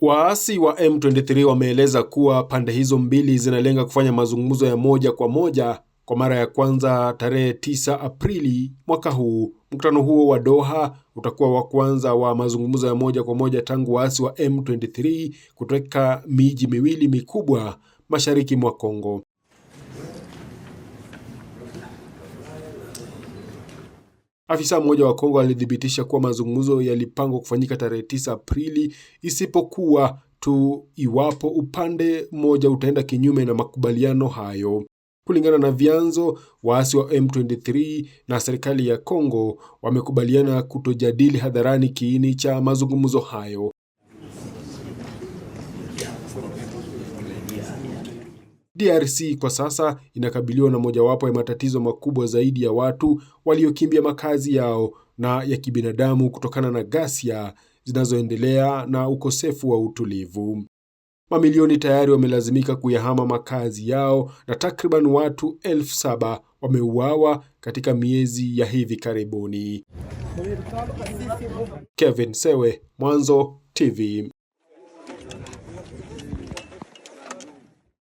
Waasi wa M23 wameeleza kuwa pande hizo mbili zinalenga kufanya mazungumzo ya moja kwa moja kwa mara ya kwanza tarehe 9 Aprili mwaka huu. Mkutano huo wa Doha utakuwa wa kwanza wa mazungumzo ya moja kwa moja tangu waasi wa M23 kutoka miji miwili mikubwa mashariki mwa Kongo. Afisa mmoja wa Kongo alithibitisha kuwa mazungumzo yalipangwa kufanyika tarehe 9 Aprili isipokuwa tu iwapo upande mmoja utaenda kinyume na makubaliano hayo. Kulingana na vyanzo, waasi wa M23 na serikali ya Kongo wamekubaliana kutojadili hadharani kiini cha mazungumzo hayo. DRC kwa sasa inakabiliwa na mojawapo ya matatizo makubwa zaidi ya watu waliokimbia makazi yao na ya kibinadamu kutokana na ghasia zinazoendelea na ukosefu wa utulivu. Mamilioni tayari wamelazimika kuyahama makazi yao na takriban watu elfu saba wameuawa katika miezi ya hivi karibuni. Kevin Sewe, Mwanzo TV.